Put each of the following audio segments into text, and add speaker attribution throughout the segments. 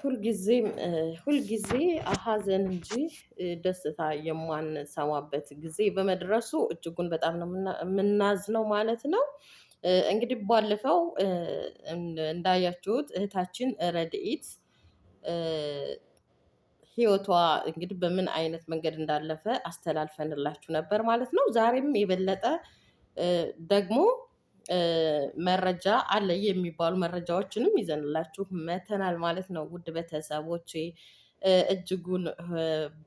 Speaker 1: ሁልጊዜም ሁልጊዜ ሀዘን እንጂ ደስታ የማንሰማበት ጊዜ በመድረሱ እጅጉን በጣም ነው የምናዝነው ማለት ነው። እንግዲህ ባለፈው እንዳያችሁት እህታችን ረድኢት ህይወቷ እንግዲህ በምን አይነት መንገድ እንዳለፈ አስተላልፈንላችሁ ነበር ማለት ነው። ዛሬም የበለጠ ደግሞ መረጃ አለ የሚባሉ መረጃዎችንም ይዘንላችሁ መተናል ማለት ነው። ውድ ቤተሰቦቼ እጅጉን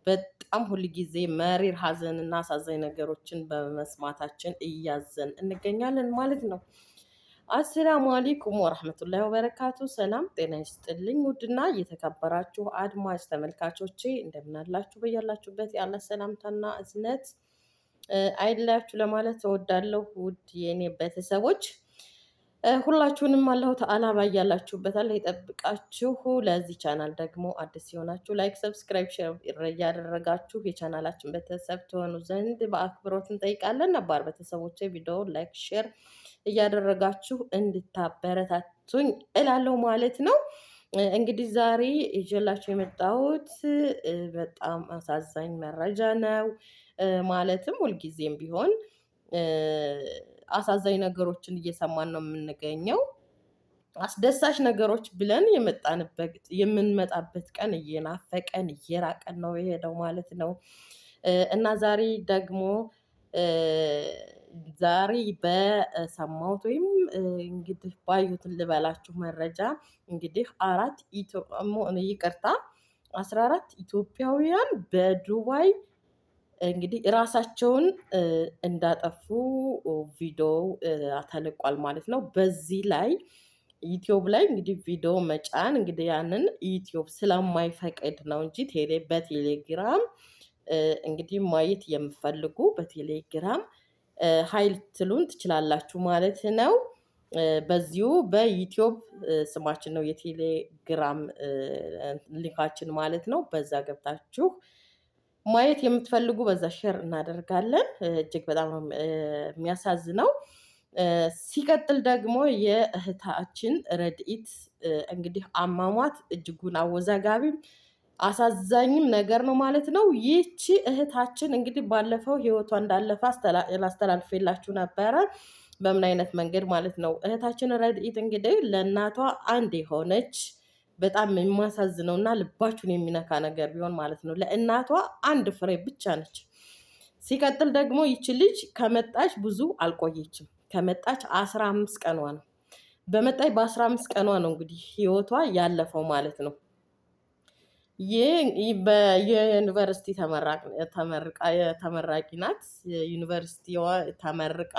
Speaker 1: በጣም ሁልጊዜ መሪር ሀዘን እና አሳዛኝ ነገሮችን በመስማታችን እያዘን እንገኛለን ማለት ነው። አሰላሙ አሌይኩም ወራህመቱላሂ ወበረካቱ። ሰላም ጤና ይስጥልኝ። ውድና እየተከበራችሁ አድማጭ ተመልካቾቼ እንደምናላችሁ፣ በያላችሁበት ያለ ሰላምታና እዝነት አይለያችሁ ለማለት እወዳለሁ። ውድ የኔ ቤተሰቦች ሁላችሁንም አላሁ ተዓላ ባያላችሁበት አላህ ይጠብቃችሁ። ለዚህ ቻናል ደግሞ አዲስ ሲሆናችሁ ላይክ፣ ሰብስክራይብ፣ ሼር እያደረጋችሁ የቻናላችን ቤተሰብ ትሆኑ ዘንድ በአክብሮት እንጠይቃለን። ነባር ቤተሰቦች ቪዲዮ ላይክ፣ ሼር እያደረጋችሁ እንድታበረታቱኝ እላለሁ ማለት ነው። እንግዲህ ዛሬ ይዤላችሁ የመጣሁት በጣም አሳዛኝ መረጃ ነው። ማለትም ሁልጊዜም ቢሆን አሳዛኝ ነገሮችን እየሰማን ነው የምንገኘው። አስደሳች ነገሮች ብለን የመጣንበት የምንመጣበት ቀን እየናፈቀን እየራቀን ነው የሄደው ማለት ነው እና ዛሬ ደግሞ ዛሬ በሰማሁት ወይም እንግዲህ ባዩትን ልበላችሁ መረጃ እንግዲህ አራት ይቅርታ አስራ አራት ኢትዮጵያውያን በዱባይ እንግዲህ እራሳቸውን እንዳጠፉ ቪዲዮ ተለቋል ማለት ነው። በዚህ ላይ ዩትዮብ ላይ እንግዲህ ቪዲዮ መጫን እንግዲህ ያንን ዩትዮብ ስለማይፈቅድ ነው እንጂ በቴሌግራም እንግዲህ ማየት የምፈልጉ በቴሌግራም ሀይል ትሉን ትችላላችሁ ማለት ነው። በዚሁ በዩቲዩብ ስማችን ነው የቴሌግራም ሊንካችን ማለት ነው። በዛ ገብታችሁ ማየት የምትፈልጉ በዛ ሼር እናደርጋለን። እጅግ በጣም የሚያሳዝነው ሲቀጥል ደግሞ የእህታችን ረድኢት እንግዲህ አሟሟት እጅጉን አወዛጋቢም አሳዛኝም ነገር ነው ማለት ነው። ይቺ እህታችን እንግዲህ ባለፈው ህይወቷ እንዳለፈ የላችሁ ነበረ። በምን አይነት መንገድ ማለት ነው። እህታችን ረድኢት እንግዲህ ለእናቷ አንድ የሆነች በጣም የሚያሳዝነው እና ልባችሁን የሚነካ ነገር ቢሆን ማለት ነው። ለእናቷ አንድ ፍሬ ብቻ ነች። ሲቀጥል ደግሞ ይቺ ልጅ ከመጣች ብዙ አልቆየችም። ከመጣች አስራ አምስት ቀኗ ነው። በመጣች በአስራ አምስት ቀኗ ነው እንግዲህ ህይወቷ ያለፈው ማለት ነው። ይህ በዩኒቨርሲቲ ተመራቂ ናት። ዩኒቨርሲቲ ተመርቃ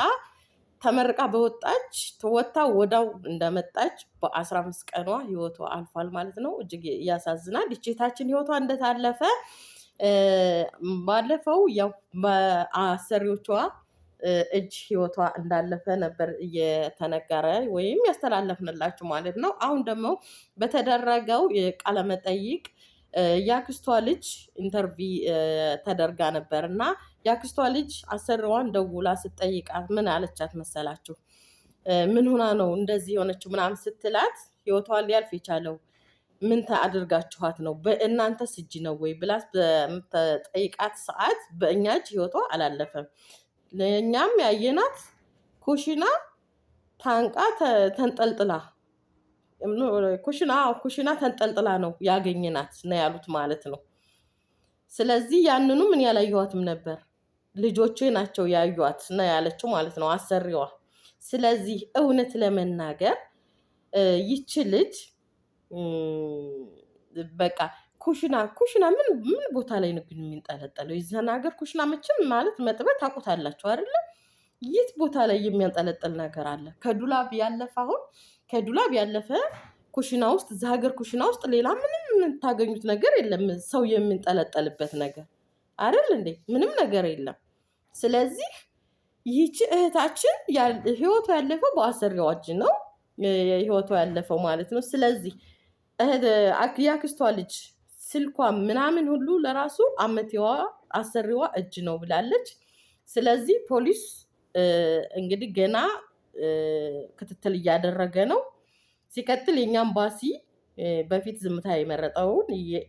Speaker 1: ተመርቃ በወጣች ተወታ ወዳው እንደመጣች በአስራ አምስት ቀኗ ህይወቷ አልፏል ማለት ነው። እጅግ ያሳዝናል። ይቼታችን ህይወቷ እንደታለፈ ባለፈው ያው በአሰሪዎቿ እጅ ህይወቷ እንዳለፈ ነበር እየተነገረ ወይም ያስተላለፍንላችሁ ማለት ነው። አሁን ደግሞ በተደረገው ቃለመጠይቅ የአክስቷ ልጅ ኢንተርቪ ተደርጋ ነበር እና የአክስቷ ልጅ አሰሪዋን ደውላ ስትጠይቃት ምን አለቻት መሰላችሁ? ምን ሁና ነው እንደዚህ የሆነችው ምናምን ስትላት ህይወቷ ሊያልፍ የቻለው ምን አድርጋችኋት ነው በእናንተ እጅ ነው ወይ ብላ በምትጠይቃት ሰዓት በእኛ እጅ ህይወቷ አላለፈም። እኛም ያየናት ኩሽና ታንቃ ተንጠልጥላ ኩሽና ኩሽና ተንጠልጥላ ነው ያገኘናት ነው ያሉት ማለት ነው። ስለዚህ ያንኑ ምን ያላየኋትም ነበር ልጆቼ ናቸው ያዩዋት ነው ያለችው ማለት ነው አሰሪዋ። ስለዚህ እውነት ለመናገር ይቺ ልጅ በቃ ኩሽና ኩሽና ምን ምን ቦታ ላይ ነው ግን የሚንጠለጠለው? የዛን ሀገር ኩሽና መቼም ማለት መጥበት ታውቁታላችሁ አይደለም? የት ቦታ ላይ የሚያንጠለጥል ነገር አለ? ከዱላብ ያለፈ አሁን ከዱላብ ያለፈ ኩሽና ውስጥ እዛ ሀገር ኩሽና ውስጥ ሌላ ምንም የምታገኙት ነገር የለም። ሰው የምንጠለጠልበት ነገር አይደል እንዴ? ምንም ነገር የለም። ስለዚህ ይህቺ እህታችን ህይወቷ ያለፈው በአሰሪዋጅ ነው ህይወቷ ያለፈው ማለት ነው። ስለዚህ ያክስቷ ልጅ ስልኳ ምናምን ሁሉ ለራሱ አመቴዋ አሰሪዋ እጅ ነው ብላለች። ስለዚህ ፖሊስ እንግዲህ ገና ክትትል እያደረገ ነው። ሲቀጥል የኛ ኤምባሲ በፊት ዝምታ የመረጠውን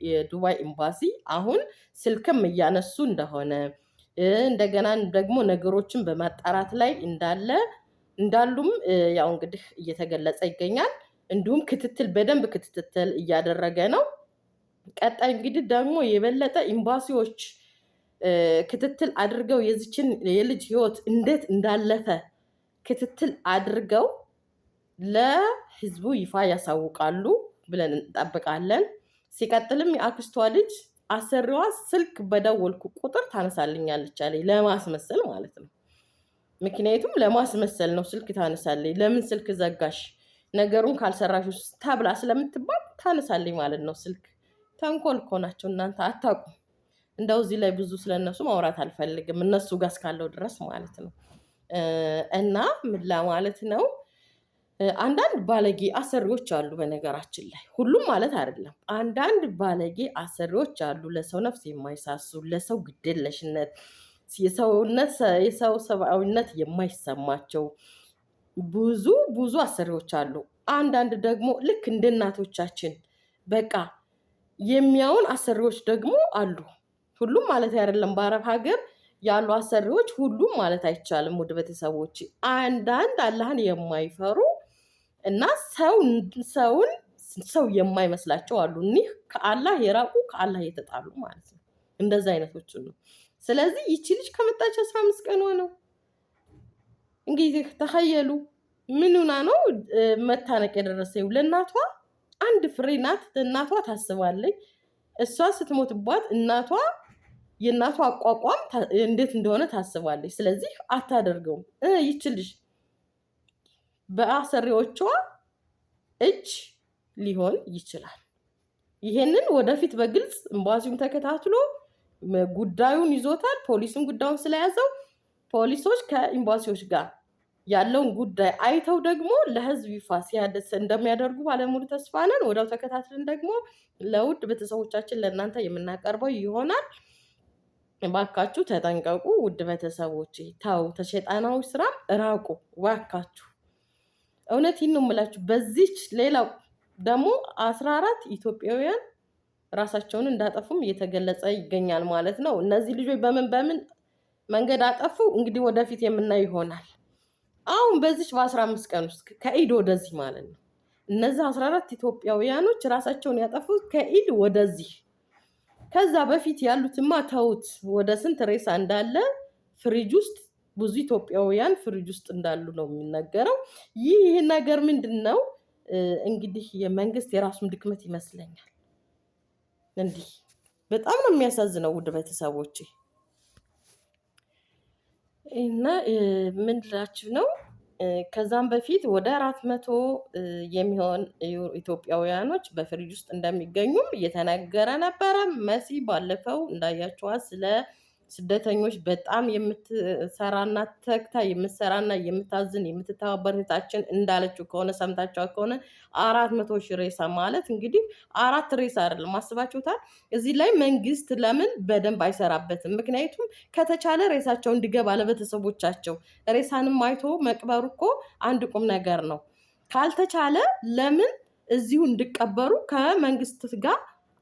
Speaker 1: የዱባይ ኤምባሲ አሁን ስልክም እያነሱ እንደሆነ እንደገና ደግሞ ነገሮችን በማጣራት ላይ እንዳለ እንዳሉም ያው እንግዲህ እየተገለጸ ይገኛል። እንዲሁም ክትትል በደንብ ክትትል እያደረገ ነው። ቀጣይ እንግዲህ ደግሞ የበለጠ ኤምባሲዎች ክትትል አድርገው የዚችን የልጅ ህይወት እንዴት እንዳለፈ ክትትል አድርገው ለህዝቡ ይፋ ያሳውቃሉ ብለን እንጠብቃለን። ሲቀጥልም የአክስቷ ልጅ አሰሪዋ ስልክ በደወልኩ ቁጥር ታነሳልኛለች አለኝ፣ ለማስመሰል ማለት ነው። ምክንያቱም ለማስመሰል ነው ስልክ ታነሳለኝ። ለምን ስልክ ዘጋሽ፣ ነገሩን ካልሰራሽ ተብላ ስለምትባል ታነሳለኝ ማለት ነው ስልክ። ተንኮል እኮ ናቸው እናንተ አታውቁም። እንደው እዚህ ላይ ብዙ ስለነሱ ማውራት አልፈልግም፣ እነሱ ጋር እስካለው ድረስ ማለት ነው። እና ምላ ማለት ነው አንዳንድ ባለጌ አሰሪዎች አሉ። በነገራችን ላይ ሁሉም ማለት አይደለም። አንዳንድ ባለጌ አሰሪዎች አሉ፣ ለሰው ነፍስ የማይሳሱ ለሰው ግዴለሽነት የሰው ሰብአዊነት የማይሰማቸው ብዙ ብዙ አሰሪዎች አሉ። አንዳንድ ደግሞ ልክ እንደ እናቶቻችን በቃ የሚያውን አሰሪዎች ደግሞ አሉ። ሁሉም ማለት አይደለም በአረብ ሀገር ያሉ አሰሪዎች ሁሉም ማለት አይቻልም። ውድ ቤተሰቦች አንዳንድ አላህን የማይፈሩ እና ሰውን ሰው የማይመስላቸው አሉ። እኒህ ከአላህ የራቁ ከአላህ የተጣሉ ማለት ነው። እንደዚ አይነቶች ነው። ስለዚህ ይቺ ልጅ ከመጣች አስራ አምስት ቀኗ ነው። እንግዲህ ተኸየሉ ምኑና ነው መታነቅ የደረሰው? ለእናቷ አንድ ፍሬ ናት። ለእናቷ ታስባለች። እሷ ስትሞትባት እናቷ የእናቱ አቋቋም እንዴት እንደሆነ ታስባለች። ስለዚህ አታደርገውም። ይችልሽ በአሰሪዎቿ እጅ ሊሆን ይችላል። ይሄንን ወደፊት በግልጽ ኤምባሲውም ተከታትሎ ጉዳዩን ይዞታል። ፖሊስም ጉዳዩን ስለያዘው ፖሊሶች ከኤምባሲዎች ጋር ያለውን ጉዳይ አይተው ደግሞ ለሕዝብ ይፋ ሲያደስ እንደሚያደርጉ ባለሙሉ ተስፋ ነን። ወዲያው ተከታትለን ደግሞ ለውድ ቤተሰቦቻችን ለእናንተ የምናቀርበው ይሆናል። እባካችሁ ተጠንቀቁ። ውድ ቤተሰቦች ተው፣ ተሸጣናዊ ስራ ራቁ። እባካችሁ እውነት ይህን ምላችሁ የምላችሁ። በዚች ሌላው ደግሞ አስራ አራት ኢትዮጵያውያን ራሳቸውን እንዳጠፉም እየተገለጸ ይገኛል ማለት ነው። እነዚህ ልጆች በምን በምን መንገድ አጠፉ እንግዲህ ወደፊት የምናይ ይሆናል። አሁን በዚች በአስራ አምስት ቀን ውስጥ ከኢድ ወደዚህ ማለት ነው እነዚህ አስራ አራት ኢትዮጵያውያኖች ራሳቸውን ያጠፉት ከኢድ ወደዚህ ከዛ በፊት ያሉትማ ተውት። ወደ ስንት ሬሳ እንዳለ ፍሪጅ ውስጥ ብዙ ኢትዮጵያውያን ፍሪጅ ውስጥ እንዳሉ ነው የሚነገረው። ይህ ይህ ነገር ምንድን ነው እንግዲህ የመንግስት የራሱን ድክመት ይመስለኛል። እንዲህ በጣም ነው የሚያሳዝነው ውድ ቤተሰቦች እና ምን ነው ከዛም በፊት ወደ አራት መቶ የሚሆን ኢትዮጵያውያኖች በፍሪጅ ውስጥ እንደሚገኙም እየተነገረ ነበረ። መሲ ባለፈው እንዳያቸዋ። ስለ ስደተኞች በጣም የምትሰራና ተግታ የምትሰራና የምታዝን የምትተባበር እህታችን እንዳለችው ከሆነ ሰምታችኋት ከሆነ አራት መቶ ሺህ ሬሳ ማለት እንግዲህ አራት ሬሳ አይደለም። አስባችሁታል? እዚህ ላይ መንግስት ለምን በደንብ አይሰራበትም? ምክንያቱም ከተቻለ ሬሳቸው እንዲገባ ለቤተሰቦቻቸው ሬሳንም አይቶ መቅበሩ እኮ አንድ ቁም ነገር ነው። ካልተቻለ ለምን እዚሁ እንዲቀበሩ ከመንግስት ጋር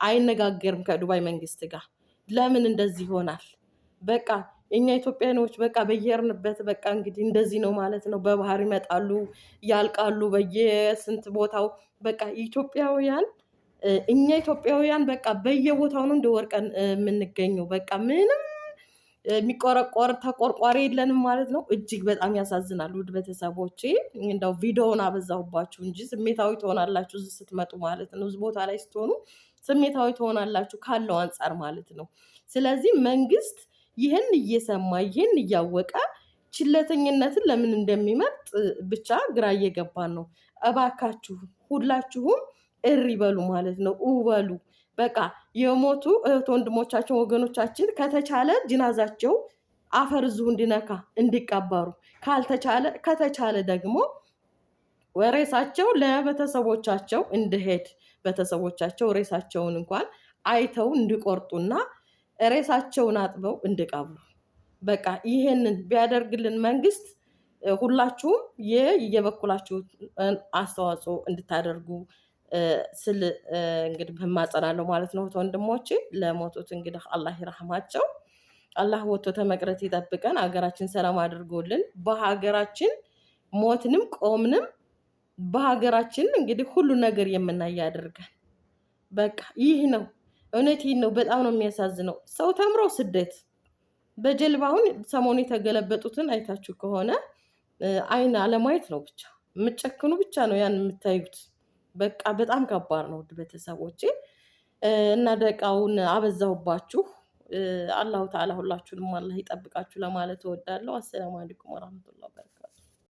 Speaker 1: አይነጋገርም? ከዱባይ መንግስት ጋር ለምን እንደዚህ ይሆናል? በቃ እኛ ኢትዮጵያኖች በቃ በየርንበት በቃ እንግዲህ እንደዚህ ነው ማለት ነው። በባህር ይመጣሉ ያልቃሉ በየስንት ቦታው በቃ ኢትዮጵያውያን እኛ ኢትዮጵያውያን በቃ በየቦታው ነው እንደ ወርቀን የምንገኘው። በቃ ምንም የሚቆረቆር ተቆርቋሪ የለንም ማለት ነው። እጅግ በጣም ያሳዝናል። ውድ ቤተሰቦቼ እንደው ቪዲዮውን አበዛሁባችሁ እንጂ ስሜታዊ ትሆናላችሁ እዚህ ስትመጡ ማለት ነው። እዚህ ቦታ ላይ ስትሆኑ ስሜታዊ ትሆናላችሁ ካለው አንጻር ማለት ነው። ስለዚህ መንግስት ይህን እየሰማ ይህን እያወቀ ችለተኝነትን ለምን እንደሚመርጥ ብቻ ግራ እየገባን ነው። እባካችሁ ሁላችሁም እሪ በሉ ማለት ነው። ውበሉ በቃ የሞቱ እህት ወንድሞቻችን፣ ወገኖቻችን ከተቻለ ጅናዛቸው አፈር ዙ እንዲነካ እንዲቀበሩ ካልተቻለ ከተቻለ ደግሞ ሬሳቸው ለቤተሰቦቻቸው እንዲሄድ ቤተሰቦቻቸው ሬሳቸውን እንኳን አይተው እንዲቆርጡና ሬሳቸውን አጥበው እንድቀብሩ በቃ ይሄንን ቢያደርግልን መንግስት፣ ሁላችሁም የየበኩላችሁን አስተዋጽኦ እንድታደርጉ ስል እንግዲህ ህማጸናለሁ ማለት ነው። ወንድሞች ለሞቱት እንግዲህ አላህ ይራህማቸው። አላህ ወጥቶ ተመቅረት ይጠብቀን። ሀገራችን ሰላም አድርጎልን በሀገራችን ሞትንም ቆምንም በሀገራችን እንግዲህ ሁሉ ነገር የምናይ ያደርገን። በቃ ይህ ነው። እውነቴን ነው። በጣም ነው የሚያሳዝነው። ሰው ተምሮ ስደት በጀልባ አሁን ሰሞኑ የተገለበጡትን አይታችሁ ከሆነ አይን አለማየት ነው ብቻ የምጨክኑ ብቻ ነው ያን የምታዩት። በቃ በጣም ከባድ ነው ውድ ቤተሰቦቼ፣ እና ደቃውን አበዛሁባችሁ። አላሁ ተዓላ ሁላችሁንም አላህ ይጠብቃችሁ ለማለት እወዳለሁ። አሰላሙ አለይኩም ወራህመቱላህ በረካቱ